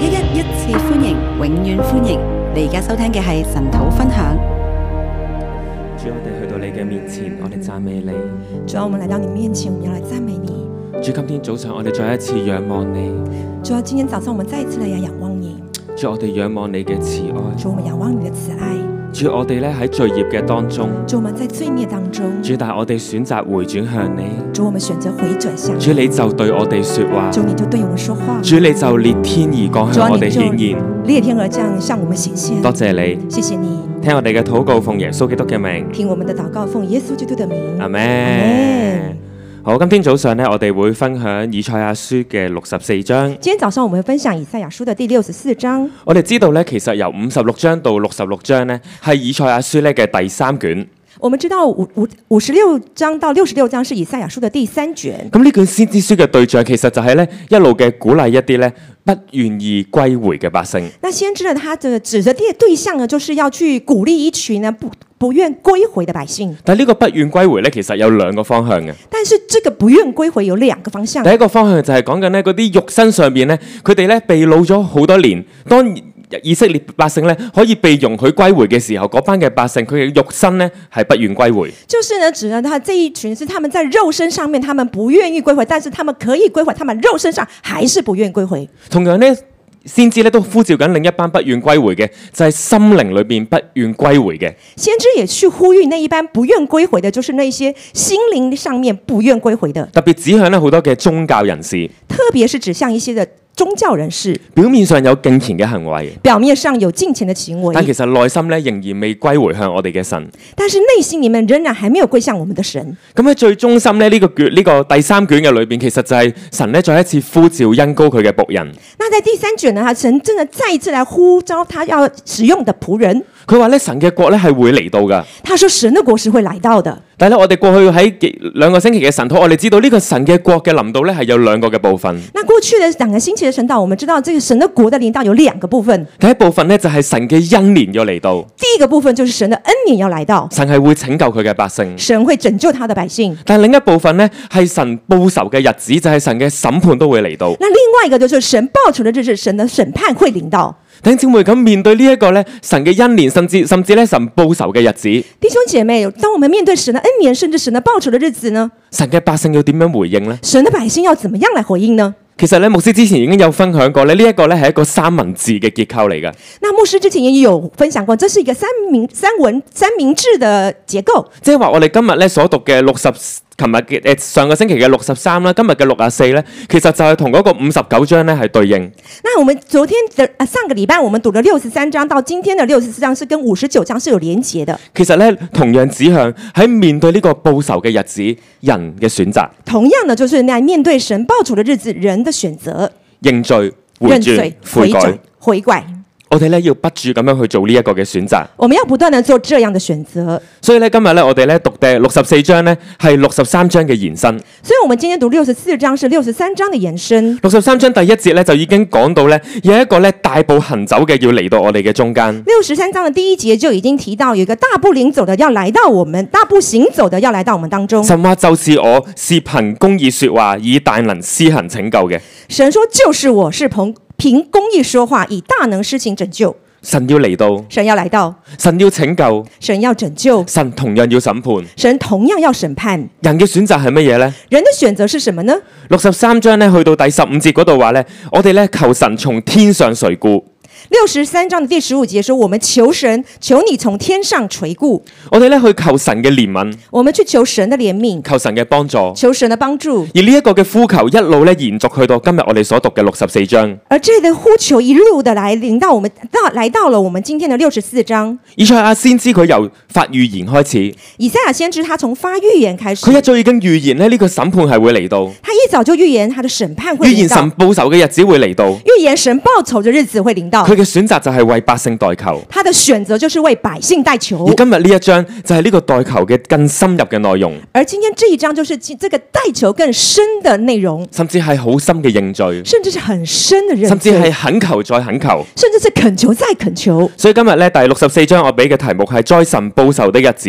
一一一次歡迎，永遠歡迎！你而家收聽嘅係神土分享。主，我哋去到你嘅面前，我哋讚美你。主，我們來到你面前，我們要來讚美你。主，今天早上我哋再一次仰望你。主，今天早上我們再一次嚟，要仰望你。主，我哋仰望你嘅慈愛。主，我仰望你嘅慈愛。主，我哋咧喺罪孽嘅當中，主，我們在罪孽當中，主，但係我哋選擇回轉向你，主，我們選擇回轉向，主，你就對我哋說話，主，你就對我們說話，主，你就裂天而降向我哋顯現，裂天而降向我們顯現，多謝你，謝謝你，聽我哋嘅禱告，奉耶穌基督嘅名，聽我們的禱告，奉耶穌基督的名，阿門，Amen Amen 好，今天早上呢，我哋會分享以賽亞書嘅六十四章。今天早上我們會分享以賽亞書的第六十四章。我哋知道呢，其實由五十六章到六十六章呢，係以賽亞書呢嘅第三卷。我們知道五五五十六章到六十六章是以賽亞書的第三卷。咁呢卷先知書嘅對象，其實就係呢一路嘅鼓勵一啲呢。不願意歸回嘅百姓，那先知咧，他嘅指着嘅對象呢，就是要去鼓勵一群呢不不願歸回嘅百姓。但係呢個不願歸回呢，其實有兩個方向嘅。但是，這個不願歸回有兩個方向。第一個方向就係講緊呢，嗰啲肉身上邊呢，佢哋呢，被擄咗好多年，當然。以色列百姓呢，可以被容許歸回嘅時候，嗰班嘅百姓佢嘅肉身呢，係不願歸回。就是呢，指呢，他這一群是他們在肉身上面，他們不願意歸回，但是他們可以歸回，他們肉身上還是不願歸回。同樣呢，先知呢，都呼召緊另一班不願歸回嘅，就係、是、心靈裏邊不願歸回嘅。先知也去呼籲那一班，不願歸回的，就是那些心靈上面不願歸回的，特別指向呢好多嘅宗教人士，特別是指向一些的。宗教人士表面上有敬虔嘅行為，表面上有敬虔的行為，情為，但其實內心咧仍然未歸回向我哋嘅神。但是內心裏面仍然還沒有歸向我們的神。咁喺最中心咧呢個卷，呢個第三卷嘅裏邊，其實就係神咧再一次呼召恩膏佢嘅僕人。那在第三卷呢，神真的再一次來呼召他要使用的僕人。佢話咧神嘅國咧係會嚟到噶。他說神的國是會來到的。係啦，我哋過去喺幾兩個星期嘅神道，我哋知道呢個神嘅國嘅臨到咧係有兩個嘅部分。那過去嘅兩個星期嘅神道，我們知道這個神嘅國嘅臨到有兩個部分。第一部分呢，就係、是、神嘅恩年要嚟到。第一個部分就是神的恩年要來到。神係會拯救佢嘅百姓。神會拯救他的百姓。但另一部分呢，係神報仇嘅日子，就係、是、神嘅審判都會嚟到。那另外一個就是神報仇的日子，神的審判會嚟到。點先會咁面對這呢一個咧神嘅恩年，甚至甚至咧神報仇嘅日子？弟兄姐妹，當我們面對神嘅恩年，甚至神嘅報仇嘅日子呢？神嘅百姓要點樣回應呢？神嘅百姓要怎麼樣來回應呢？其實咧牧師之前已經有分享過咧，呢一個咧係一個三文治嘅結構嚟㗎。那牧師之前也有分享過，這是一個三明三文三明治嘅結構，即係話我哋今日咧所讀嘅六十。琴日嘅，誒，上個星期嘅六十三啦，今日嘅六十四咧，其實就係同嗰個五十九章咧係對應。那我們昨天嘅，啊，上個禮拜，我們讀咗六十三章，到今天的六十四章，是跟五十九章是有連結的。其實咧，同樣指向喺面對呢個報仇嘅日子，人嘅選擇。同樣呢，就是那面對神報仇嘅日子，人的選擇，認罪、認罪、悔改、悔改。我哋咧要不住咁樣去做呢一個嘅選擇。我們要不斷地做這樣的選擇。所以咧，今日咧，我哋咧讀第六十四章呢，係六十三章嘅延伸。所以我們今天讀六十四章是六十三章嘅延伸。六十三章第一節咧就已經講到咧，有一個咧大步行走嘅，要嚟到我哋嘅中間。六十三章嘅第一節就已經提到有一個大步領走嘅，要嚟到我們，大步行走嘅，要嚟到我們當中。神說，就是我是憑公義說話，以大能施行拯救嘅。神說，就是我是憑。憑公義說話，以大能施行拯救。神要嚟到，神要來到，神要拯救，神要拯救。神同樣要審判，神同樣要審判。人嘅選擇係乜嘢呢？人的選擇是什麼呢？六十三章咧，去到第十五節嗰度話咧，我哋咧求神從天上垂顧。六十三章的第十五節說：我們求神，求你從天上垂顧。我哋咧去求神嘅憐憫，我們去求神的憐憫，求神嘅幫助，求神的幫助。而呢一個嘅呼求一路咧延續去到今日我哋所讀嘅六十四章。而呢個呼求一路的來臨到我們到來到了我們今天的六十四章。以賽亞先知佢由發預言開始。以賽亞先知他從發預言開始，佢一早已經預言咧呢、這個審判係會嚟到。他一早就預言他的審判會嚟到。預言神報仇嘅日子會嚟到。預言神報仇嘅日子會臨到。佢嘅選擇就係為百姓代求，他的選擇就是為百姓代求。而今日呢一章就係呢個代求嘅更深入嘅內容。而今天這一章就是這個代求更深的內容，甚至係好深嘅認罪，甚至是很深的認罪，甚至係懇求再懇求，甚至是懇求再懇求。所以今日咧第六十四章我俾嘅題目係災神報仇的日子。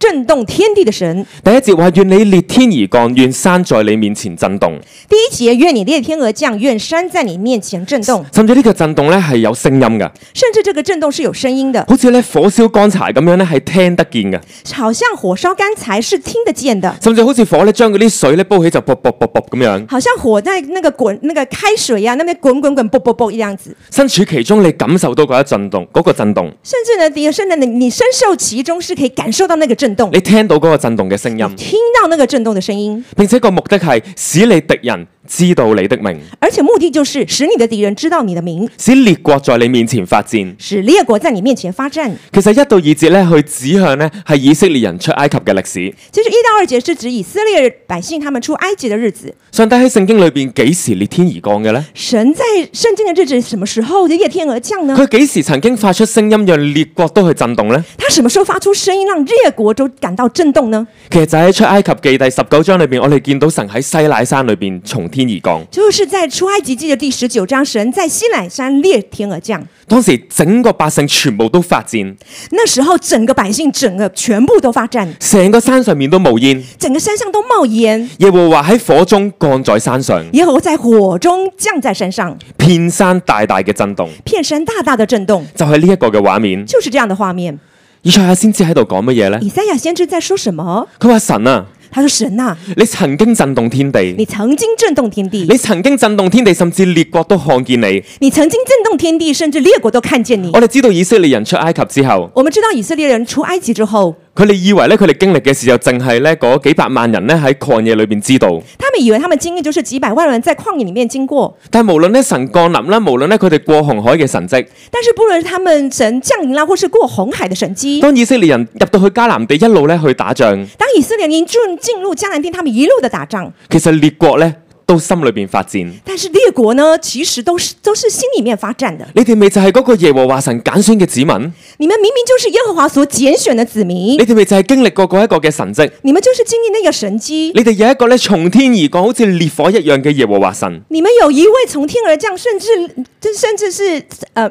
震動天地的神，第一節話，願你裂天而降，願山在你面前震動。第一節，願你裂天而降，願山在你面前震動。甚至呢個震動呢係有聲音嘅，甚至這個震動是有聲音的，好似呢火燒乾柴咁樣呢係聽得見嘅，好像火燒乾柴是聽得見的，甚至好似火呢將嗰啲水呢煲起就啵啵啵啵咁樣，好像火在那個滾那個開水啊，那邊滾滾滾啵啵啵一樣子。身處其中你感受到嗰一震動，嗰個震動，甚至呢甚至你你身處其中是可以感受到那個震。你聽到嗰個震動嘅聲音，聽到那個震動嘅聲音，並且個目的係使你敵人知道你的名，而且目的就是使你的敵人知道你的名，使列國在你面前發顫，使列國在你面前發顫。其實一到二節咧，佢指向呢係以色列人出埃及嘅歷史。其實一到二節是指以色列百姓他們出埃及嘅日子。上帝喺聖經裏邊幾時裂天而降嘅呢？神在聖經嘅日子什麼時候就裂天而降呢？佢幾時曾經發出聲音讓列國都去震動呢？他什麼時候發出聲音讓列國？都感到震動呢？其實就喺出埃及記第十九章裏邊，我哋見到神喺西奈山裏邊從天而降。就是在出埃及記嘅第十九章，神在西奈山裂天而降。當時整個百姓全部都發戰。那時候整個百姓整個全部都發戰，成個山上面都冒煙，整個山上都冒煙。耶和華喺火中降在山上，耶和華在火中降在山上，片山大大嘅震動，片山大大的震動，就係呢一個嘅畫面，就是這樣的畫面。以賽亞先知喺度講乜嘢咧？以賽亞先知在說什麼？佢話神啊，他說神啊，你曾經震動天地，你曾經震動天地，你曾經震動天地，甚至列國都看見你，你曾經震動天地，甚至列國都看見你。我哋知道以色列人出埃及之後，我們知道以色列人出埃及之後。佢哋以為咧，佢哋經歷嘅時候淨係咧嗰幾百萬人咧喺曠野裏邊知道。他們以為他們經歷就是幾百萬人在曠野裡面經過。但係無論咧神降臨啦，無論咧佢哋過紅海嘅神跡。但是無論他們神降臨啦，或是過紅海嘅神跡。當以色列人入到去迦南地，一路咧去打仗。當以色列人進入迦南地，他們一路的打仗。其實列國咧，都心裏邊發展，但是列國呢，其實都是都是心裏面發展的。你哋咪就係嗰個耶和華神揀選嘅子民？你們明明就是耶和華所揀選的子民。你哋咪就係經歷過嗰一個嘅神跡？你們就是經歷那個神跡。你哋有一個咧，從天而降，好似烈火一樣嘅耶和華神。你們有一位從天而降，甚至就甚至是，誒、呃，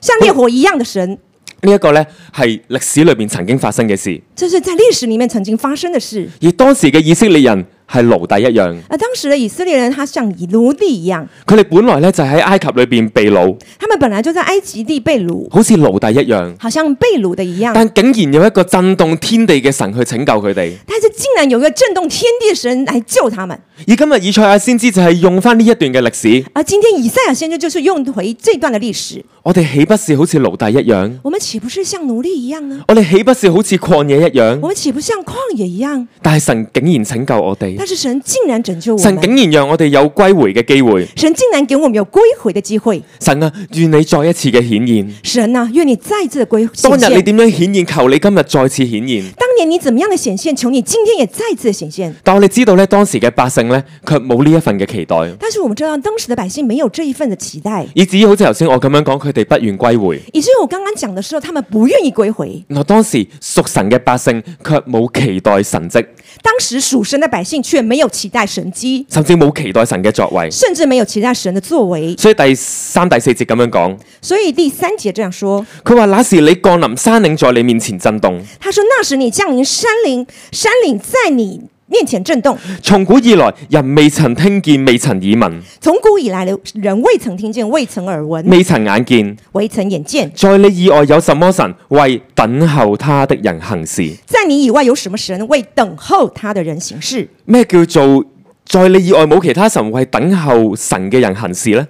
像烈火一樣的神。嗯這個，呢一個咧係歷史裏面曾經發生嘅事，這，就是在歷史裏面曾經發生嘅事。而當時嘅以色列人。係奴隸一樣。啊、呃，當時的以色列人，他像以奴隸一樣。佢哋本來咧就喺、是、埃及裏邊被擄。他們本來就在埃及地被擄，好似奴隸一樣，好像被擄的一樣。但竟然有一個震動天地嘅神去拯救佢哋。但是竟然有一個震動天地嘅神嚟救他們。而今日以賽亞先知就係用翻呢一段嘅歷史。而今天以賽亞先知就是用回這段嘅歷史。我哋豈不是好似奴隸一樣？我們豈不是像奴隸一樣呢？我哋豈不是好似曠野一樣？我們豈不像曠野一樣？但係神竟然拯救我哋。但是神竟然拯救我，神竟然讓我哋有歸回嘅機會，神竟然給我們有歸回嘅機會，神啊，願你再一次嘅顯現，神啊，願你再次的歸。當日你點樣顯現？求你今日再次顯現。當年你怎麼樣的顯現？求你今天也再次顯現。但我哋知道咧，當時嘅百姓咧，卻冇呢一份嘅期待。但是我們知道當時嘅百姓沒有這一份嘅期待，以至於好似頭先我咁樣講，佢哋不願歸回。以至於我剛剛講的時候，他們不願意歸回。我當時屬神嘅百姓卻冇期待神跡。當時屬神嘅百姓。卻沒有期待神機，甚至冇期待神嘅作為，甚至沒有期待神的作為。所以第三、第四節咁樣講，所以第三節這樣說，佢話那時你降臨山嶺，在你面前震動。他說那時你降臨山嶺，山嶺在你。面前震動，從古以來人未曾聽見，未曾耳聞；從古以來的人未曾聽見，未曾耳聞，未曾眼見，未曾眼見。在你以外有什麼神為等候他的人行事？在你以外有什麼神為等候他的人行事？咩叫做在你以外冇其他神為等候神嘅人行事呢？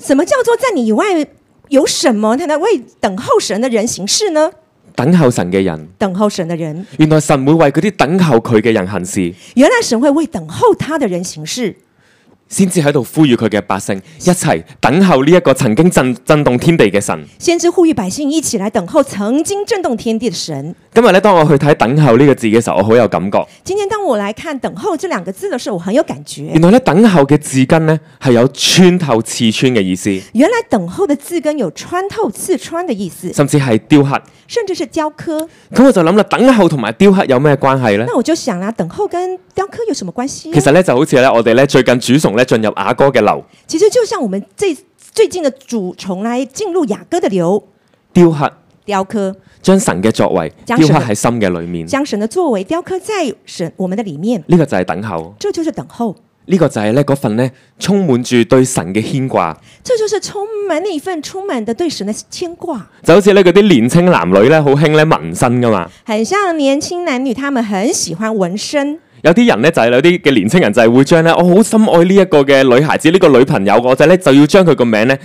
什麼叫做在你以外有什麼他在為等候神的人行事呢？等候神嘅人，等候神嘅人，原來神會為嗰啲等候佢嘅人行事。原來神會為等候他嘅人行事。先知喺度呼籲佢嘅百姓一齊等候呢一個曾經震震動天地嘅神。先知呼籲百姓一起來等候曾經震動天地嘅神。今日咧，當我去睇等候呢個字嘅時候，我好有感覺。今天當我來看等候這兩個字嘅時候，我很有感覺。原來咧，等候嘅字根呢係有穿透刺穿嘅意思。原來等候嘅字根有穿透刺穿嘅意思，甚至係雕刻，甚至是雕刻。咁、嗯、我就諗啦，等候同埋雕刻有咩關係呢？那我就想啦，等候跟雕刻有什麼關係？其實咧就好似咧，我哋咧最近主崇進入雅哥嘅流，其實就像我們最最近的主，從來進入雅哥的流，雕刻，雕刻將神嘅作為雕刻喺心嘅裏面，將神嘅作為雕刻在神我們的裏面。呢個就係等候，這個就是等候。呢，這個就係呢份呢充滿住對神嘅牽掛，這就是充滿那一份充滿的對神嘅牽掛。就好似呢嗰啲年輕男女呢，好興呢紋身㗎嘛，很像年輕男女，他們很喜歡紋身。有啲人咧就係、是、有啲嘅年輕人就係會將咧我好深愛呢一個嘅女孩子呢、這個女朋友，或者咧就要將佢個名咧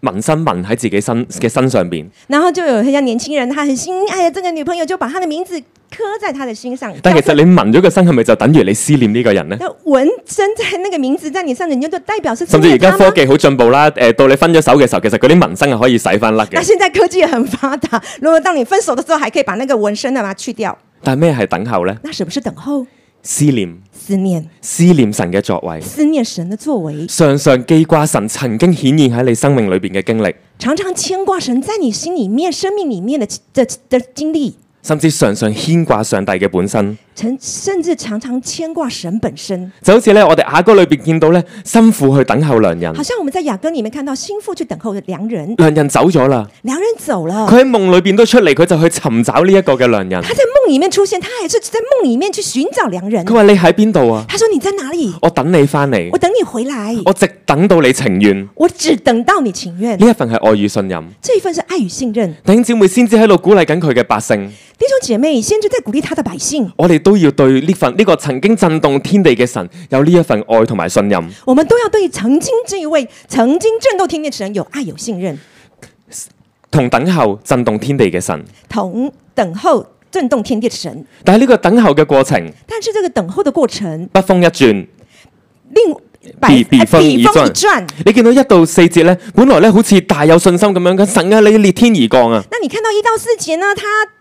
紋身紋喺自己身嘅身上邊。然後就有一些年輕人，他很心愛的這個女朋友，就把他的名字刻在他的心上。但係其實你紋咗個身，係咪就等於你思念呢個人呢？紋身在那個名字在你身人你就代表是。甚至而家科技好進步啦，誒、呃，到你分咗手嘅時候，其實嗰啲紋身係可以洗翻甩嘅。那現在科技又很發達，如果當你分手的時候，還可以把那個紋身啊嘛去掉？但係咩係等候咧？那是不是等候？思念，思念，思念神嘅作為，思念神嘅作為，常常記掛神曾經顯現喺你生命裏邊嘅經歷，常常牽掛神在你心裏面、生命裏面的的的經歷，甚至常常牽掛上帝嘅本身。甚至常常牽掛神本身，就好似咧，我哋雅歌裏邊見到咧，辛苦去等候良人。好像我們在雅歌裏面看到辛苦去等候良人，良人走咗啦，良人走了，佢喺夢裏邊都出嚟，佢就去尋找呢一個嘅良人。他在夢裏面出現，他還是在夢裏面去尋找良人。佢話你喺邊度啊？他說你在哪裏？我等你返嚟，我等你回來，我直等到你情願，我只等到你情願。呢一份係愛與信任，這一份是愛與信任。弟兄姐妹先至喺度鼓勵緊佢嘅百姓，弟兄姐妹先至在鼓勵他的百姓。我哋。都要對呢份呢個曾經震動天地嘅神有呢一份愛同埋信任。我們都要對曾經這一位曾經震動天地神有愛有信任，同等候震動天地嘅神，同等候震動天地神。但係呢個等候嘅過程，但是這個等候的過程，北風一轉，令。筆筆鋒一轉，你見到一到四節呢，本來呢好似大有信心咁樣嘅神啊，你裂天而降啊。那你看到一到四節呢，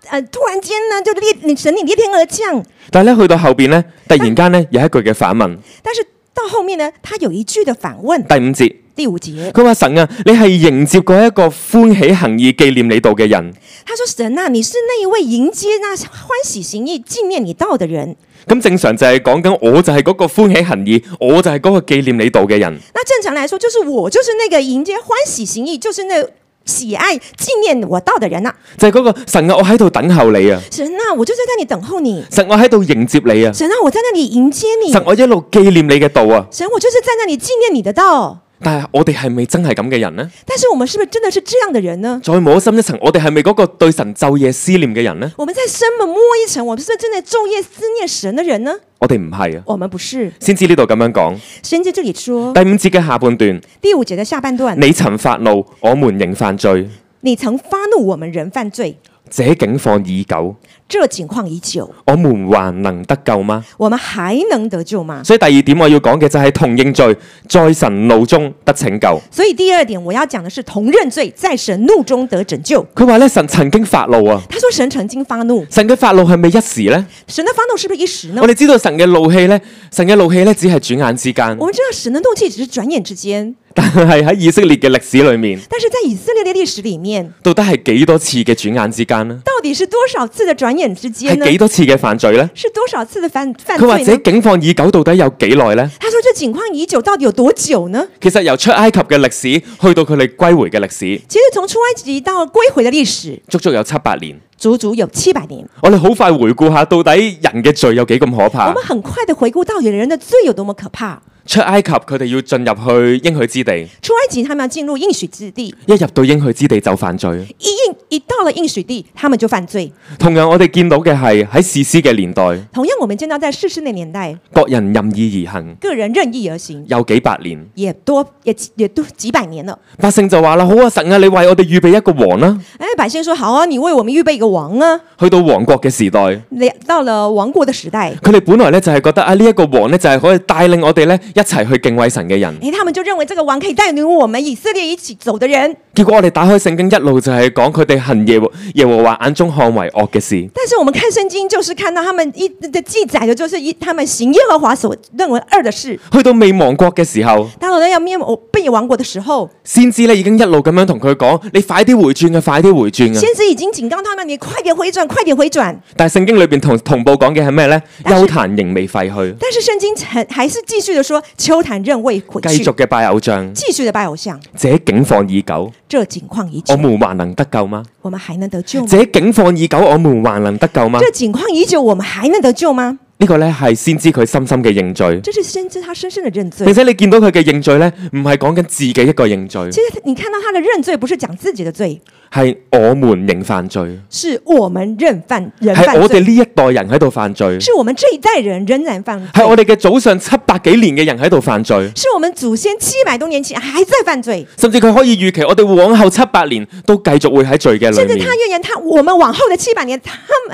他誒、uh、突然間呢就裂，神你裂天而降。但係呢，去到後邊呢，突然間呢有一句嘅反問。但是到後面呢，他有一句嘅反問，第五節，第五節，佢話神啊，你係迎接嗰一個歡喜行義紀念你道嘅人。他說神、啊，那你是那一位迎接那歡喜行義紀念你道嘅人？咁正常就係講緊，我就係嗰個歡喜行義，我就係嗰個紀念你道嘅人、啊。那正常來說，就是我就是那個迎接歡喜行義，就是那喜愛紀念我道嘅人啦、啊。就係、是、嗰、那個神啊，我喺度等候你啊。神啊，我就在度等候你。神、啊，我喺度迎接你啊。神啊，我在那裏迎接你。神、啊，我一路紀念你嘅道啊。神啊，我就是在那裏紀念你嘅道、啊。但係我哋係咪真係咁嘅人呢？但是我們是不是真的是這樣的人呢？再摸深一層，我哋係咪嗰個對神晝夜思念嘅人呢？我們在深嘅摸一層，我哋是唔是真係晝夜思念神嘅人，人呢？我哋唔係啊。我們不是。先知呢度咁樣講。先知這裏說第五節嘅下半段。第五節嘅下半段，你曾發怒，我們仍犯罪。你曾發怒，我們仍犯罪。這景況已久。這情況已久，我們還能得救嗎？我們還能得救嗎？所以第二點我要講嘅就係同認罪，在神怒中得拯救。所以第二點我要講嘅是同認罪，在神怒中得拯救。佢話呢，神曾經發怒啊，他說神曾經發怒，神嘅發怒係咪一時呢？神嘅發怒是不是一時呢？我哋知道神嘅怒氣呢，神嘅怒氣呢，只係轉眼之間。我們知道神嘅怒氣只是轉眼之間，但係喺以色列嘅歷史裏面，但是在以色列嘅歷史裏面，到底係幾多次嘅轉眼之間呢？到底是多少次嘅轉？年之間幾多次嘅犯罪呢？是多少次嘅犯犯罪？佢或者境況已久，到底有幾耐呢？他說，這境況已久，到底有多久呢？其實由出埃及嘅歷史去到佢哋歸回嘅歷史，其實從出埃及到歸回嘅歷史，足足有七百年，足足有七百年。我哋好快回顧下，到底人嘅罪有幾咁可怕？我們很快的回顧到底人的罪有多麼可怕。出埃及佢哋要進入去應許之地，出埃及他們要進入應許之地。一入到應許之地就犯罪，一應一到了應許地，他們就犯罪。同樣我哋見到嘅係喺士師嘅年代，同樣我們見到在士師嘅年代，各人任意而行，個人任意而行，有幾百年，亦多也也都幾百年了。百姓就話啦：好啊，神啊，你為我哋預備一個王啦！哎，百姓說：好啊，你為我們預備一個王啊！去到王國嘅時代，你到了王國嘅時代，佢哋本來咧就係覺得啊，呢、這、一個王咧就係可以帶領我哋咧。一齊去敬畏神嘅人，誒、哎，他們就認為這個王可以帶領我們以色列一起走的人。結果我哋打開聖經，一路就係講佢哋行耶和耶和華眼中看為惡嘅事。但是我們看聖經，就是看到他們一的記載嘅，就是一他們行耶和華所認為二的事。去到未亡國嘅時候，當係咧要咩我不有亡國的時候，先知呢已經一路咁樣同佢講，你快啲回轉啊，快啲回轉啊！先知已經警告他們，你快點回轉，快點回轉。但係聖經裏邊同同步講嘅係咩呢？幽壇仍未廢去。但是聖經仍還是繼續的說。秋譚仍未悔，繼續嘅拜偶像，繼續的拜偶像，這境況已久，這境況已久，我們還能得救嗎？我們還能得救？這境況已久，我們還能得救嗎？這境況已久，我們還能得救嗎？呢個呢係先知佢深深嘅認罪，這是先知他深深的認罪，並且你見到佢嘅認罪呢，唔係講緊自己一個認罪，其實你看到他的認罪，不是講自己的罪。係我們認犯罪，是我們認犯，係我哋呢一代人喺度犯罪，是我們這一代人仍然犯，係我哋嘅祖上七百幾年嘅人喺度犯罪，是我們祖先七百多年前還在犯罪，甚至佢可以預期我哋往後七百年都繼續會喺罪嘅。甚至他預言他，他我們往後嘅七百年，他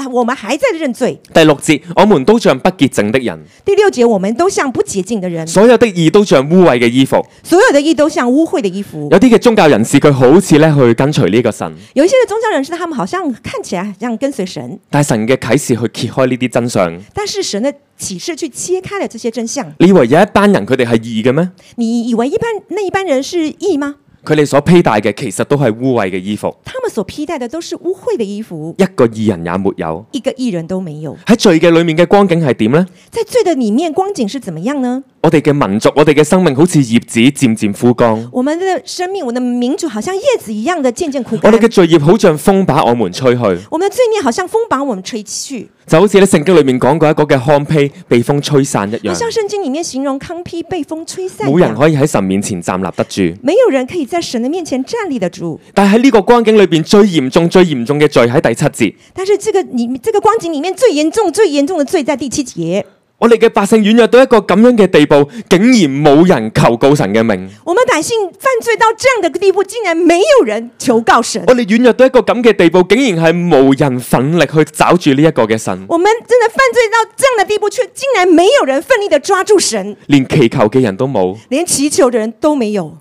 我們還在認罪。第六節，我們都像不潔淨的人。第六節，我們都像不潔淨的人，所有的義都像污穢嘅衣服，所有的義都像污穢的衣服。有啲嘅宗教人士，佢好似咧去跟隨呢個神。有一些宗教人士，他們好像看起來像跟隨神，但神嘅啟示去揭開呢啲真相。但是神嘅啟示去揭開了這些真相。你以為有一班人佢哋係義嘅咩？你以為一般，那一班人是義嗎？佢哋所披戴嘅其實都係污穢嘅衣服。他們所披戴嘅都是污穢嘅衣服，一個義人也沒有，一個義人都沒有。喺罪嘅裏面嘅光景係點呢？在罪的裏面光景是怎麼樣呢？我哋嘅民族，我哋嘅生，生命好似葉子漸漸枯光，我們的生命，我們的民族，好像葉子一樣的漸漸枯乾。我哋嘅罪孽好像風把我們吹去。我們的罪孽好像風把我們吹去。就好似喺聖經裡面講過一個嘅糠批被風吹散一樣。好像聖經裡面形容糠批被風吹散一樣。冇人可以喺神面前站立得住。沒有人可以在神的面前站立得住。但係喺呢個光景裡邊最嚴重、最嚴重嘅罪喺第七節。但是這個光景裡面最嚴重，最嚴重、這個這個、最，嚴重最嚴重的罪在第七節。我哋嘅百姓軟弱到一個咁樣嘅地步，竟然冇人求告神嘅名。我們百姓犯罪到這樣的地步，竟然沒有人求告神。我哋軟弱到一個咁嘅地步，竟然係冇人奮力去找住呢一個嘅神。我們真的犯罪到這樣嘅地步，卻竟然沒有人奮力的抓住神。連祈求嘅人都冇，連祈求的人都沒有。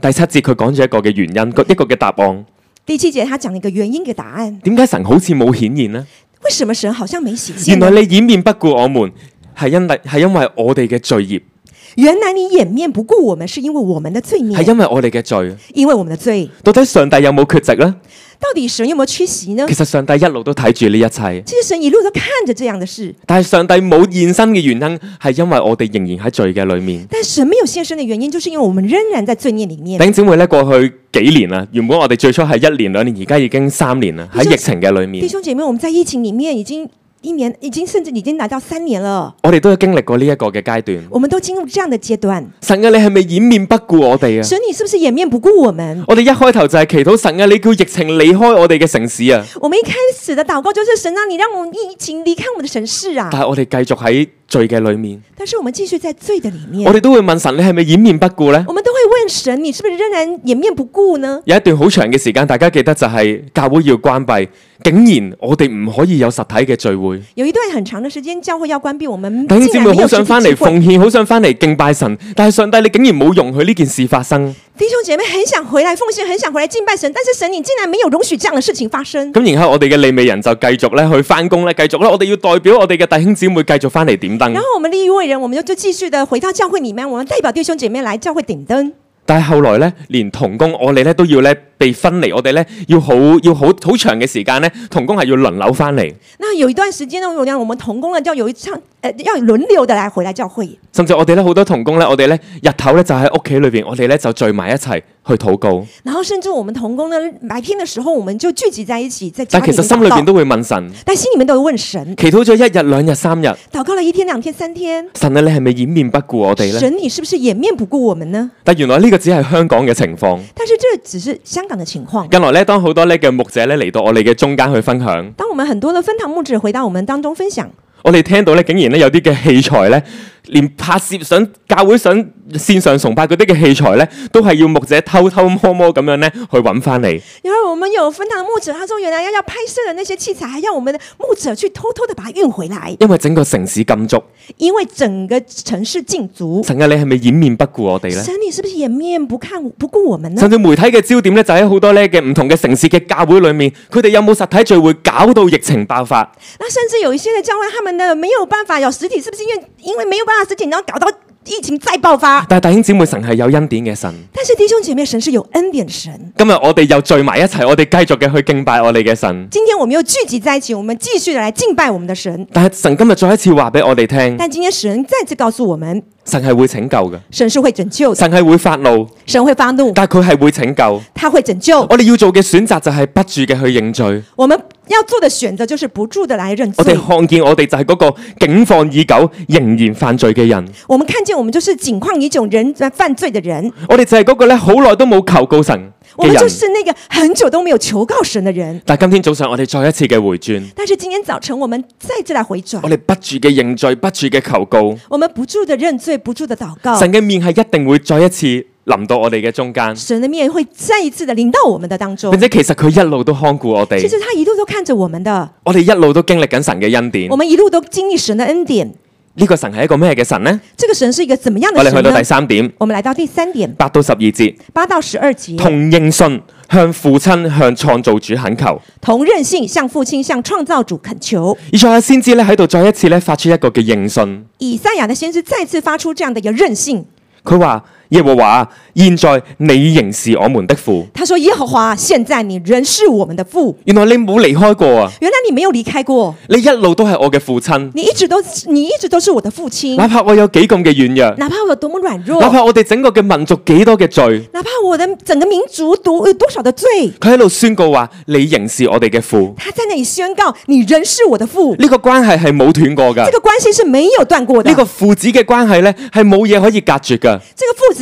第七節佢講咗一個嘅原因，一個嘅答案。第七節佢講一個原因嘅答案。點解神好似冇顯現呢？為什麼神好像沒顯現？原來你掩面不顧我們。係因為，係因為我哋嘅罪業。原來你掩面不顧我們，是因為我們的罪孽。係因為我哋嘅罪、罪，因為我們的罪。到底上帝有冇缺席呢？到底神有冇缺席呢？其實上帝一路都睇住呢一切，其實神一路都看着這樣嘅事。但係上帝冇現身嘅原因，係因為我哋仍然喺罪嘅裏面。但神沒有現身嘅原因，就是因為我們仍然在罪孽裏、裏面。弟兄姐妹呢，過去幾年啦，原本我哋最初係一年兩年，而家已經三年啦。喺疫情嘅裏面，弟兄姐妹，我們在疫情裏面已經。一年已經甚至已經來到三年了，我哋都有經歷過呢一個嘅階段，我們都進入這樣的階段。神啊，你係咪掩面不顧我哋啊？神，你是不是掩面不顧我們？我哋一開頭就係祈禱神啊，你叫疫情離開我哋嘅城市啊！我們一開始的禱告就是神啊，你讓我們疫情離開我們的城市啊！但係我哋繼續喺罪嘅裏面，但是我們繼續在罪的裏面，我哋都會問神，你係咪掩面不顧呢？我們都會問神，你是不是仍然掩面不顧呢？有一段好長嘅時間，大家記得就係教會要關閉。竟然我哋唔可以有實體嘅聚會。有一段很長嘅時間，教會要關閉，我們弟兄姊妹好想翻嚟奉獻，好想翻嚟敬拜神，但係上帝你竟然冇容許呢件事發生。弟兄姐妹很想回來奉獻，很想回來敬拜神，但是神你竟然沒有容許這樣嘅事情發生。咁然後我哋嘅利未人就繼續咧去翻工咧，繼續咧，我哋要代表我哋嘅弟兄姊妹繼續翻嚟點燈。然後我們利未人，我們就就繼續的回到教會裏面，我們代表弟兄姐妹來教會點燈。但係後來咧，連同工我哋咧都要咧。被分離，我哋咧要好要好好長嘅時間咧，同工係要輪流翻嚟。那有一段時間咧，我哋我哋同工呢，就要有一場誒、呃，要輪流的來回來教會。甚至我哋咧好多同工咧，我哋咧日頭咧就喺屋企裏邊，我哋咧就聚埋一齊去禱告。然後甚至我們同工呢，白天嘅時候，我們就聚集在一起，但其實心裏邊都會問神，但心裏面都會問神，祈禱咗一日兩日三日，禱告了一天兩天三天，神啊，你係咪掩面不顧我哋咧？神，你是不是掩面不顧我們呢？但原來呢個只係香港嘅情況，但是這只是香港。的情況，近來咧，當好多叻嘅牧者咧嚟到我哋嘅中間去分享，當我們很多嘅分堂牧者回到我們當中分享，我哋聽到咧，竟然咧有啲嘅器材咧。連拍攝想教會想線上崇拜嗰啲嘅器材咧，都係要牧者偷偷摸摸咁樣咧去揾翻嚟。因為我們有分堂牧者，他說原來要要拍攝嘅那些器材，還要我們的牧者去偷偷的把它運回來。因為整個城市禁足，因為整個城市禁足。神啊，你係咪掩面不顧我哋咧？神，你是不是掩面不看不顧我們呢？甚至媒體嘅焦點咧，就喺好多咧嘅唔同嘅城市嘅教會裏面，佢哋有冇實體聚會，搞到疫情爆發？那甚至有一些嘅教會，他們呢沒有辦法有實體，是不是因？因為沒有辦法事情，然後搞到疫情再爆發。但係弟兄姊妹，神係有恩典嘅神。但是弟兄姐妹，神是有恩典的神。今日我哋又聚埋一齊，我哋繼續嘅去敬拜我哋嘅神。今天我們又聚集在一起，我們繼續來敬拜我們的神。但係神今日再一次話俾我哋聽。但今天神再次告訴我們。神係會拯救嘅，神是會拯救。神係會發怒，神會發怒。但係佢係會拯救，他會拯救。我哋要做嘅選擇就係不住嘅去認罪。我們要做嘅選擇就是不住嘅來認罪。我哋看見我哋就係嗰個警況已久仍然犯罪嘅人。我們看見我們就是警況已久仍然犯罪嘅人。我哋就係嗰個咧，好耐都冇求告神。我們就是那個很久都沒有求告神的人。但今天早上我哋再一次嘅回轉。但是今天早晨我們再次來回轉。我哋不住嘅認罪，不住嘅求告。我們不住的認罪，不住的禱告。神嘅面係一定會再一次臨到我哋嘅中間。神嘅面會再一次的臨到我們的當中。並且其實佢一路都看顧我哋。其實他一路都看着我們的。我哋一路都經歷緊神嘅恩典。我們一路都經歷神的恩典。呢、這個神係一個咩嘅神呢？這個神是一個怎麼樣的神呢？我哋去到第三點，我們來到第三點，八到十二節，八到十二節，同認信向父親向創造主懇求，同任性向父親向創造主懇求。以賽亞先知咧喺度再一次咧發出一個嘅認信。以賽亞的先知再次發出這樣的一個任性，佢話。耶和華，現在你仍是我們的父。他說：耶和華，現在你仍是我們的父。原來你冇離開過啊！原來你沒有離開過，你一路都係我嘅父親。你一直都，你一直都是我的父親。哪怕我有幾咁嘅軟弱，哪怕我有多麼軟弱，哪怕我哋整個嘅民族幾多嘅罪，哪怕我的整個民族有多少的罪，佢喺度宣告話：你仍是我哋嘅父。他在那裏宣告：你仍是我的父。呢個關係係冇斷過嘅，這個關係是沒有斷過的。呢個父子嘅關係咧，係冇嘢可以隔絕嘅。這個父子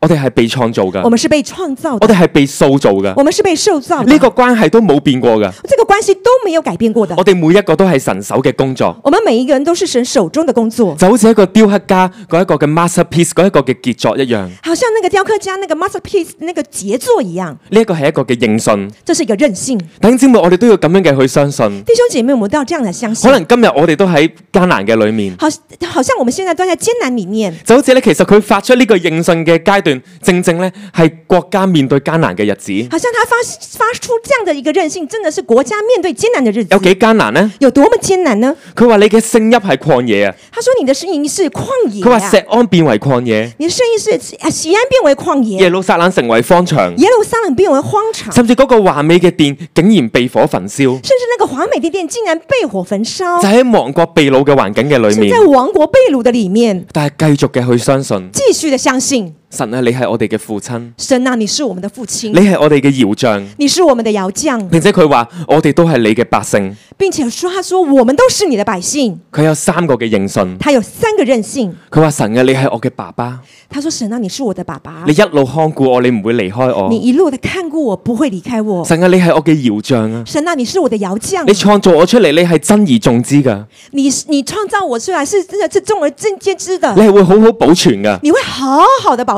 我哋係被創造嘅，我們是被創造。我哋係被塑造嘅，我們是被塑造。呢個關係都冇變過嘅，這個關係都沒有改變過的。我哋每一個都係神手嘅工作，我們每一個人都是神手中的工作，就好似一個雕刻家嗰一個嘅 masterpiece 嗰一個嘅傑作一樣，好像那個雕刻家那個 masterpiece 那個傑作一樣。呢一個係一個嘅應信，這是一個任性。弟兄姊妹，我哋都要咁樣嘅去相信。弟兄姐妹，我們都要這樣來相信。可能今日我哋都喺艱難嘅裏面，好，好像我們現在都在艱難裏面。就好似咧，其實佢發出呢個應信嘅階段。正正呢，係國家面對艱難嘅日子。好像他發發出這樣的一個任性，真的是國家面對艱難的日子。有幾艱難呢？有多麼艱難呢？佢話你嘅聖邑係曠野啊！他說你的聖邑是曠野。佢話錫安變為曠野，你的聖邑是錫安變為曠野。耶路撒冷成為荒場，耶路撒冷變為荒場。甚至嗰個華美嘅殿竟然被火焚燒。甚至那個華美的殿竟然被火焚燒。就喺亡國被擄嘅環境嘅裏面，在亡國被擄嘅裏面，但係繼續嘅去相信，繼續嘅相信。神啊，你係我哋嘅父親。神啊，你是我們的父親。你係我哋嘅窯匠。你是我們的窯匠。並且佢話我哋都係你嘅百姓。並且說，他說我們都是你的百姓。佢有三個嘅認信。他有三個認信。佢話神啊，你係我嘅爸爸。他說神啊，你是我的爸爸。你一路看顧我，你唔會離開我。你一路的看顧我，不會離開我。神啊，你係我嘅窯匠啊。神啊，你是我的窯匠啊。你創造我出嚟，你係珍而重之噶。你你創造我出來，是真係是眾而盡皆知的。你係會好好保存噶。你會好好保存的保。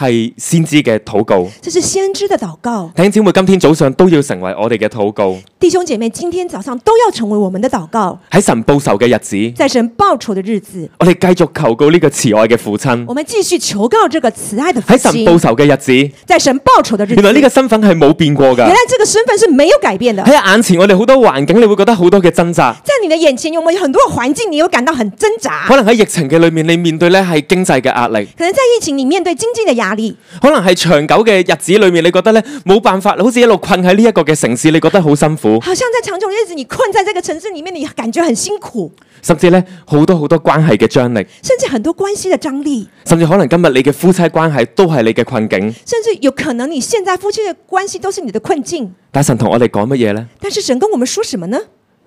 係先知嘅禱告，這是先知嘅禱告。弟兄姊妹，今天早上都要成為我哋嘅禱告。弟兄姐妹，今天早上都要成為我們的禱告。喺神報仇嘅日子，在神報仇的日子，我哋繼續求告呢個慈愛嘅父親。我們繼續求告這個慈愛的父親。喺神報仇嘅日子，在神報仇的日子，在神報仇的日子。原來呢個身份係冇變過噶。原來呢個身份是沒有改變嘅。喺眼前我哋好多環境，你會覺得好多嘅掙扎。在你嘅眼前有冇有很多環境，你有感到很掙扎？可能喺疫情嘅裏面，你面對呢係經濟嘅壓力。可能在疫情你面對經濟嘅壓力。可能係長久嘅日子裏面，你覺得呢冇辦法，好似一路困喺呢一個嘅城市，你覺得好辛苦。好像在長久日子，你困在這個城市裏面，你感覺很辛苦。甚至呢好多好多關係嘅張力，甚至很多關係嘅張力，甚至可能今日你嘅夫妻關係都係你嘅困境。甚至有可能你現在夫妻嘅關係都是你的困境。但神同我哋講乜嘢呢？但是神跟我們說什麼呢？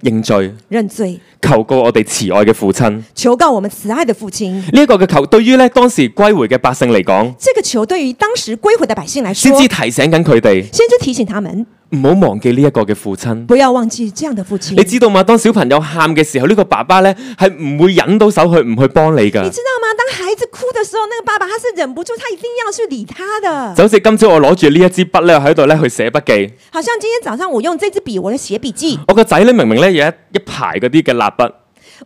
認罪，認罪，求告我哋慈愛嘅父親，求告我們慈愛的父親。呢一個嘅求，對於咧當時歸回嘅百姓嚟講，這個求對於當時歸回的百姓來說，先知提醒緊佢哋，先知提醒他們唔好忘記呢一個嘅父親，不要忘記這樣的父親。你知道嗎？當小朋友喊嘅時候，呢個爸爸咧係唔會忍到手去唔去幫你噶。你知道一直哭的時候，那個爸爸他是忍不住，他一定要去理他的。就好似今朝我攞住呢一支筆咧，喺度咧去寫筆記。好像今天早上我用這支筆，我嚟寫筆記。我個仔咧，明明咧有一一排啲嘅蠟筆。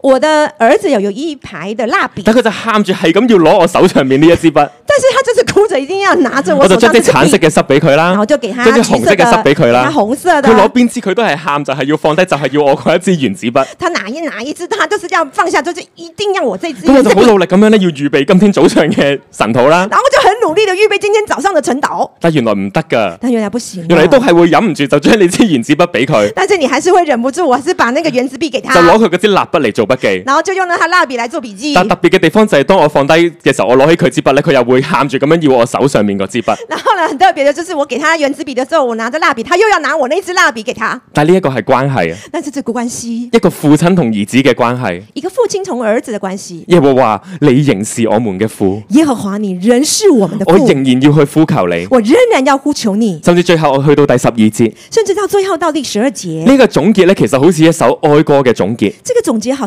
我的兒子有有一排的蠟筆，但佢就喊住係咁要攞我手上面呢一支筆， 但是他就是哭着一定要拿着，我就將啲橙色嘅塞俾佢啦，我就俾佢。將啲紅色嘅塞俾佢啦，紅色嘅，佢攞邊支佢都係喊，就係、是、要放低，就係要我嗰一支原子筆，他拿一拿一支，他就是要放下，就係、是、一定要我這支，咁 我就好努力咁樣咧，要預備今天早上嘅晨禱啦，然後我就很努力地預備今天早上的晨禱，但原來唔得噶，但原來不行，原來不行，原來都係會忍唔住就將呢支原子筆俾佢，但是你還是會忍不住，我是把那個原子筆給他， 就攞佢嗰支蠟筆嚟做。筆記，然後就用了他蠟筆來做筆記。但特別嘅地方就係，當我放低嘅時候我他，我攞起佢支筆咧，佢又會喊住咁樣要我手上面個支筆。然後呢，很特別嘅就是，我給他原子筆嘅時候，我拿着蠟筆，佢又要拿我那支蠟筆俾佢。但呢一個係關係啊，但是這個關係，一個父親同兒子嘅關係，一個父親同兒子嘅關係。耶和華，你仍是我們嘅父。耶和華，你仍是我們的父。我仍然要去呼求你，我仍然要呼求你。甚至最後，我去到第十二節，甚至到最後到第十二節呢個總結咧，其實好似一首哀歌嘅總結。這個總結好。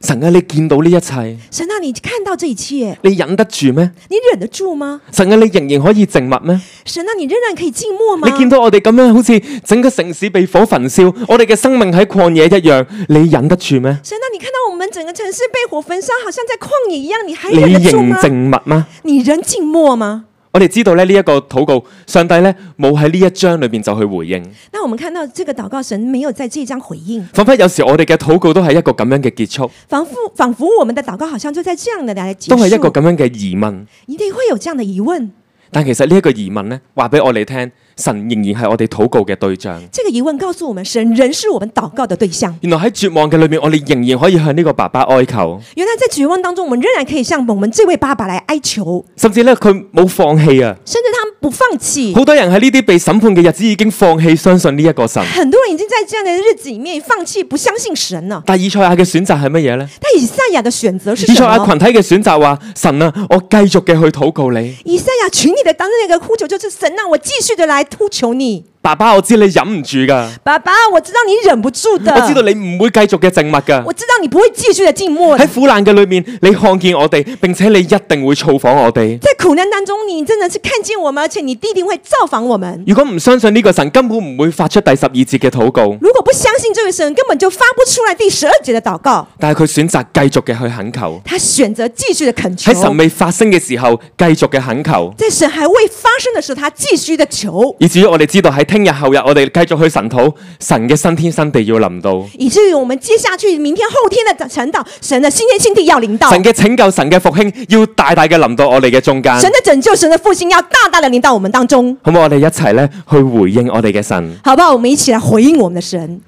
神啊，你見到呢一切？神啊，你看到這一切？你忍得住咩？你忍得住嗎？神啊，你仍然可以靜默咩？神啊，你仍然可以靜默嗎？你見到我哋咁樣，好似整個城市被火焚燒，我哋嘅生命喺曠野一樣，你忍得住咩？神啊，你看到我們整個城市被火焚燒，好像在曠野一樣，你還忍得住嗎？你仍靜默嗎？你仍靜默嗎？我哋知道咧，呢、這、一個禱告，上帝呢冇喺呢一章裏面就去回應。那我們看到這個禱告神沒有在這章回應，仿佛有時我哋嘅禱告都係一個咁樣嘅結束。仿佛仿佛我們的禱告好像就在這樣的嚟，都係一個咁樣嘅疑問，一定會有這樣的疑問。但其實呢一個疑問呢，話俾我哋聽，神仍然係我哋禱告嘅對象。這個疑問告訴我們神，神仍是我們禱告嘅對象。原來喺絕望嘅裏面，我哋仍然可以向呢個爸爸哀求。原來在絕望當中，我們仍然可以向我們這位爸爸來哀求。甚至呢，佢冇放棄啊！甚至不放棄，好多人喺呢啲被審判嘅日子已經放棄相信呢一個神，很多人已經在這樣的日子裏面放棄不相信神了。但以賽亞嘅選擇係乜嘢呢？但以賽亞的選擇是什麼？以賽亞群體嘅選擇話，神啊，我繼續嘅去禱告你。以賽亞群體嘅當中嘅呼求就是神啊，我繼續的來呼求你。爸爸，我知道你忍唔住噶。爸爸，我知道你忍不住的。我知道你唔會繼續嘅靜默噶。我知道你不會繼續嘅靜默的。喺苦難嘅裏面，你看見我哋，並且你一定會造訪我哋。在苦難當中，你真的是看見我們，而且你必定會造訪我們。如果唔相信呢個神，根本唔會發出第十二節嘅禱告。如果不相信這位神，根本就發不出來第十二節嘅禱告。但係佢選擇繼續嘅去懇求。他選擇繼續的懇求。喺神未發生嘅時候，繼續嘅懇求。在神還未發生的時候，他繼續的求。以至於我哋知道喺。聽日後日，我哋繼續去神土，神嘅新天新地要臨到；以至於我們接下去明天後天嘅神道，神嘅新天新地要臨到。神嘅拯救，神嘅復興，要大大嘅臨到我哋嘅中間。神嘅拯救，神嘅復興，要大大嘅臨到我們當中。好唔好？我哋一齊咧去回應我哋嘅神。好唔好？我們一起來回應我們的神。好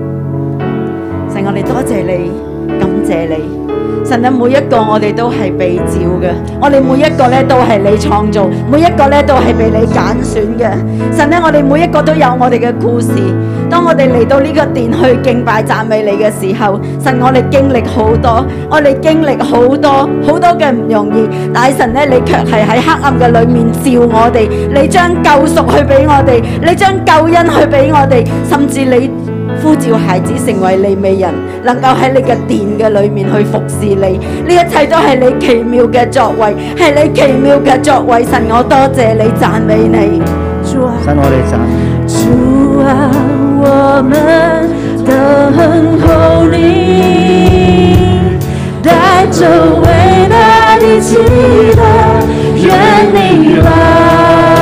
我哋都係被照嘅，我哋每一個呢，都係你創造，每一個呢，都係被你揀選嘅。神呢，我哋每一個都有我哋嘅故事。當我哋嚟到呢個殿去敬拜讚美你嘅時候，神，我哋經歷好多，我哋經歷好多好多嘅唔容易。但係神呢，你卻係喺黑暗嘅裏面照我哋，你將救贖去俾我哋，你將救恩去俾我哋，甚至你。呼召孩子成為利未人，能夠喺你嘅殿嘅裏面去服侍你，呢一切都係你奇妙嘅作為，係你奇妙嘅作為。神，我多謝你，讚美你。我哋、啊、讚。主、啊、我你，帶着偉大的祈禱，願你來。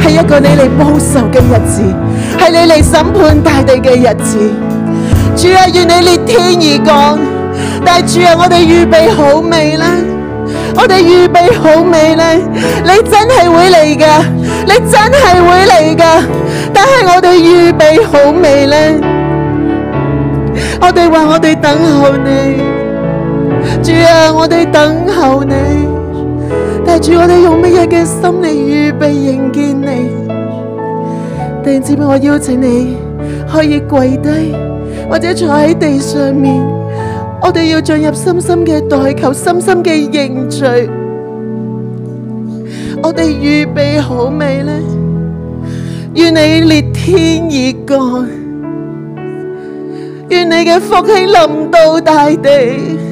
係一個你嚟報仇嘅日子，係你嚟審判大地嘅日子。主啊，願你裂天而降，但係主啊，我哋預備好未呢？我哋預備好未呢？你真係會嚟噶，你真係會嚟噶。但係我哋預備好未呢？我哋話我哋等候你，主啊，我哋等候你。帶住我哋用乜嘢嘅心嚟預備迎見你？弟兄姊妹，我邀請你可以跪低，或者坐喺地上面。我哋要進入深深嘅代求，深深嘅凝聚。我哋預備好未呢？願你裂天而降，願你嘅福氣臨到大地。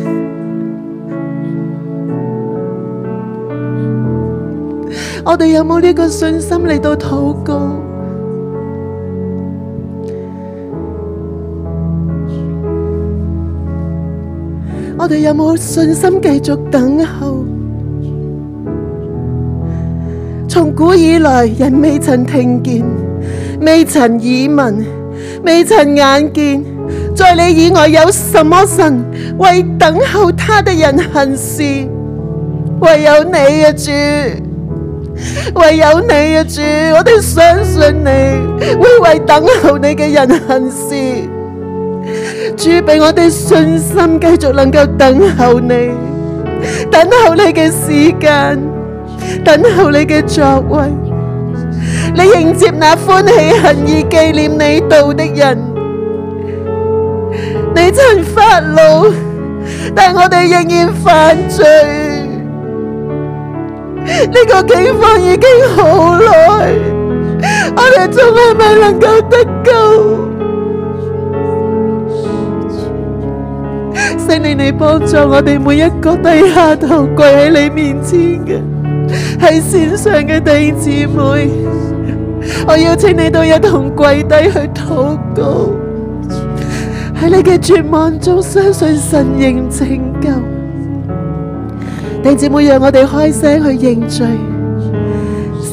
我哋有冇呢個信心嚟到禱告？我哋有冇信心繼續等候？從古以來，人未曾聽見，未曾耳聞，未曾眼見，在你以外有什麼神為等候他的人行事？唯有你啊，主！唯有你啊，主，我哋相信你會為等候你嘅人行事，主俾我哋信心，繼續能夠等候你，等候你嘅時間，等候你嘅作為，你迎接那歡喜恨意紀念你道的人。你曾發怒，但我哋仍然犯罪。呢、這個境況已經好耐，我哋仲係咪能夠得救？請你你幫助我哋每一個低下頭跪喺你面前嘅、喺綫上嘅弟兄姊妹，我邀請你都一同跪低去禱告，喺你嘅絕望中相信神應拯救。弟兄姊妹，讓我哋開聲去認罪。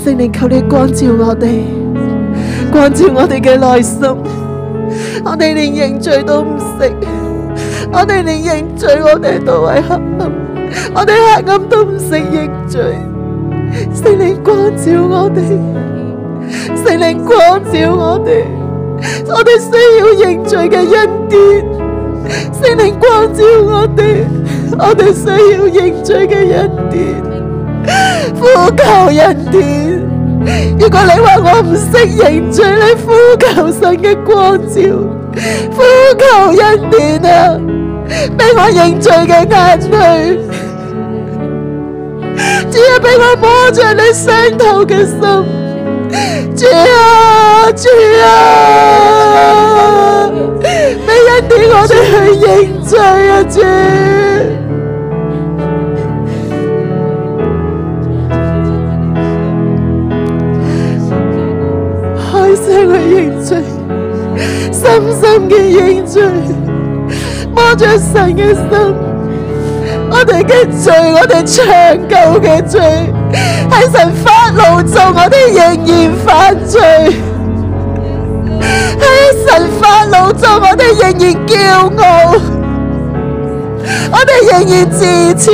聖靈，求你光照我哋，光照我哋嘅內心。我哋連認罪都唔識，我哋連認罪，我哋都係黑暗，我哋黑暗都唔識認罪。聖靈光照我哋，聖靈光照我哋。我哋需要認罪嘅恩典。聖靈光照我哋。我哋需要認罪嘅恩典，呼求恩典。如果你話我唔識認罪，你呼求神嘅光照，呼求恩典啊，俾我認罪嘅眼淚。只要俾我摸著你傷透嘅心，主啊，主啊。俾一點，我哋去認罪啊！主，開聲去認罪，深深嘅認罪，摸著神嘅心，我哋嘅罪，我哋長久嘅罪，係神發怒咒我哋仍然犯罪。神發老中，我哋仍然驕傲；我哋仍然自持；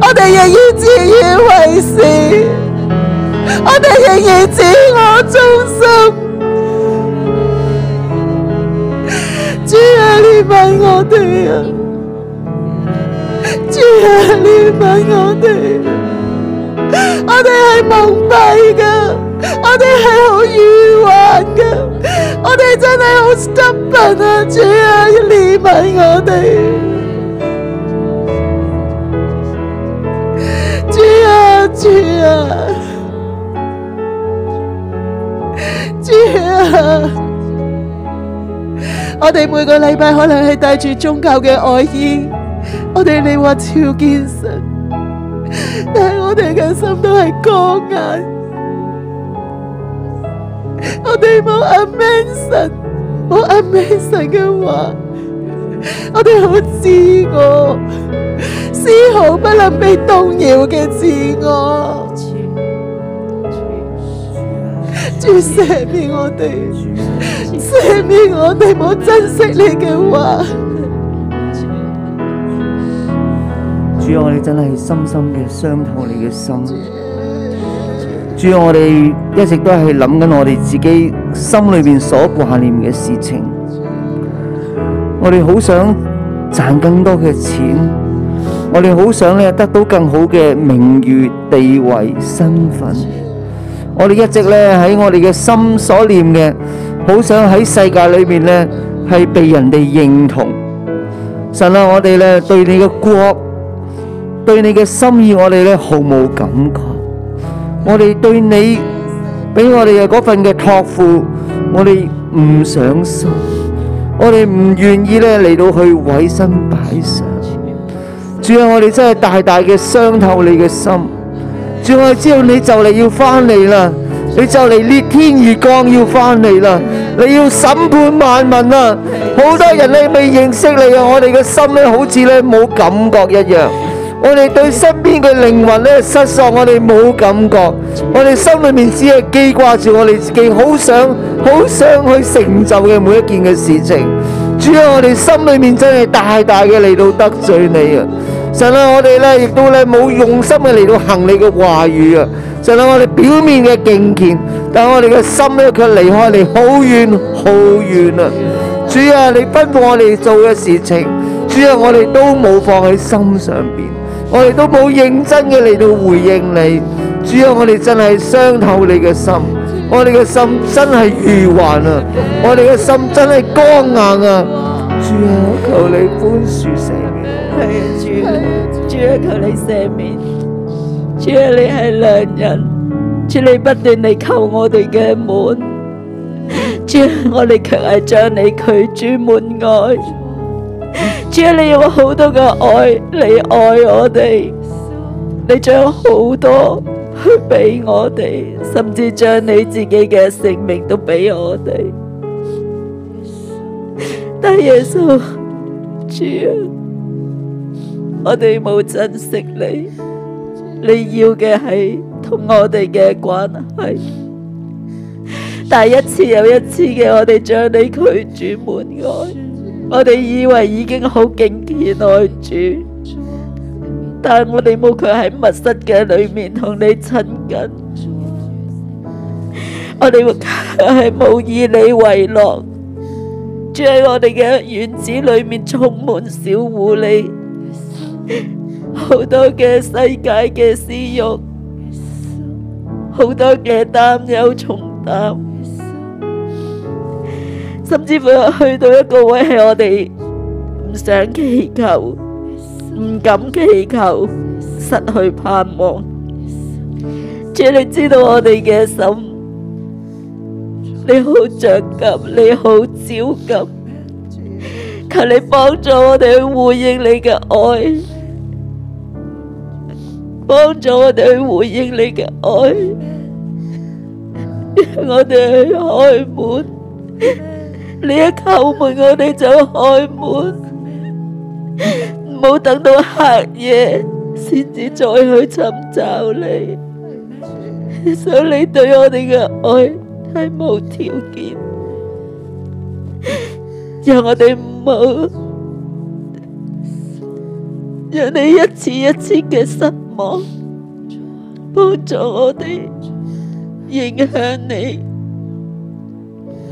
我哋仍然自以為是；我哋仍然自我中心。 主係你問我哋、啊，主係你問我哋、啊，我哋係蒙蔽噶。我哋係好冤枉嘅，我哋真係好 stubborn 啊！主啊，憐憫我哋啊！主啊，主啊，主啊！我哋每個禮拜可能係帶住宗教嘅外衣，我哋你話朝見神，但係我哋嘅心都係乾硬。我哋冇阿明神，冇阿明神嘅話，我哋好自我，絲毫不能被動搖嘅自我。主赦免我哋，赦免我哋冇珍惜你嘅話。主啊，你真係深深嘅傷透你嘅心。主，要我哋一直都係諗緊我哋自己心裏邊所掛念嘅事情，我哋好想賺更多嘅錢，我哋好想咧得到更好嘅名譽、地位、身份，我哋一直咧喺我哋嘅心所念嘅，好想喺世界裏面咧係被人哋認同。神啊，我哋咧對你嘅國、對你嘅心意，我哋咧毫無感覺。我哋對你俾我哋嘅嗰份嘅託付，我哋唔上心，我哋唔願意咧嚟到去委身擺上。主啊，我哋真係大大嘅傷透你嘅心。主啊，知道你就嚟要翻嚟啦，你就嚟裂天而降要翻嚟啦，你要審判萬民啦。好多人咧未認識你啊，我哋嘅心咧好似咧冇感覺一樣。我哋對身邊嘅靈魂咧失喪，我哋冇感覺。我哋心裏面只係記掛住我哋自己好想，好想好想去成就嘅每一件嘅事，事情。主啊，我哋心裏面真係大大嘅嚟到得罪你啊！神啊，我哋咧亦都咧冇用心嘅嚟到行你嘅話語啊！神啊，我哋表面嘅敬虔，但係我哋嘅心咧卻離開你，好遠好遠啊！主啊，你吩咐我哋做嘅事情，主啊，我哋都冇放喺心上邊。我哋都冇認真嘅嚟到回應你，主啊！我哋真係傷透你嘅心，我哋嘅心真係愚頑啊！我哋嘅心真係剛硬啊！主啊！主主求你寬恕成面，主啊！求你赦免，主啊！你係良人，主你不斷嚟叩我哋嘅門，主啊！我哋卻係將你拒諸門外。主啊，你有好多嘅愛，你愛我哋，你將好多去俾我哋，甚至將你自己嘅性命都俾我哋。但耶穌主啊，我哋冇珍惜你，你要嘅係同我哋嘅關係，但係一次又一次嘅我哋將你拒絕門外。我哋以為已經好敬天愛主，但係我哋冇佢喺密室嘅裏面同你親近，我哋卻係冇以你為樂。住喺我哋嘅院子裏面，充滿小狐狸，好多嘅世界嘅私慾，好多嘅擔憂重擔。甚至乎去到一個位，係我哋唔想祈求，唔敢祈求，失去盼望。主，你知道我哋嘅心，你好着急，你好焦急。求你幫助我哋去回應你嘅愛，幫助我哋去回應你嘅愛，讓我哋去開門。你一叩門，我哋就開門，唔 好等到黑夜先至再去尋找你。想你對我哋嘅愛係無條件， 讓我哋唔好，讓你一次一次嘅失望，幫助我哋影響你。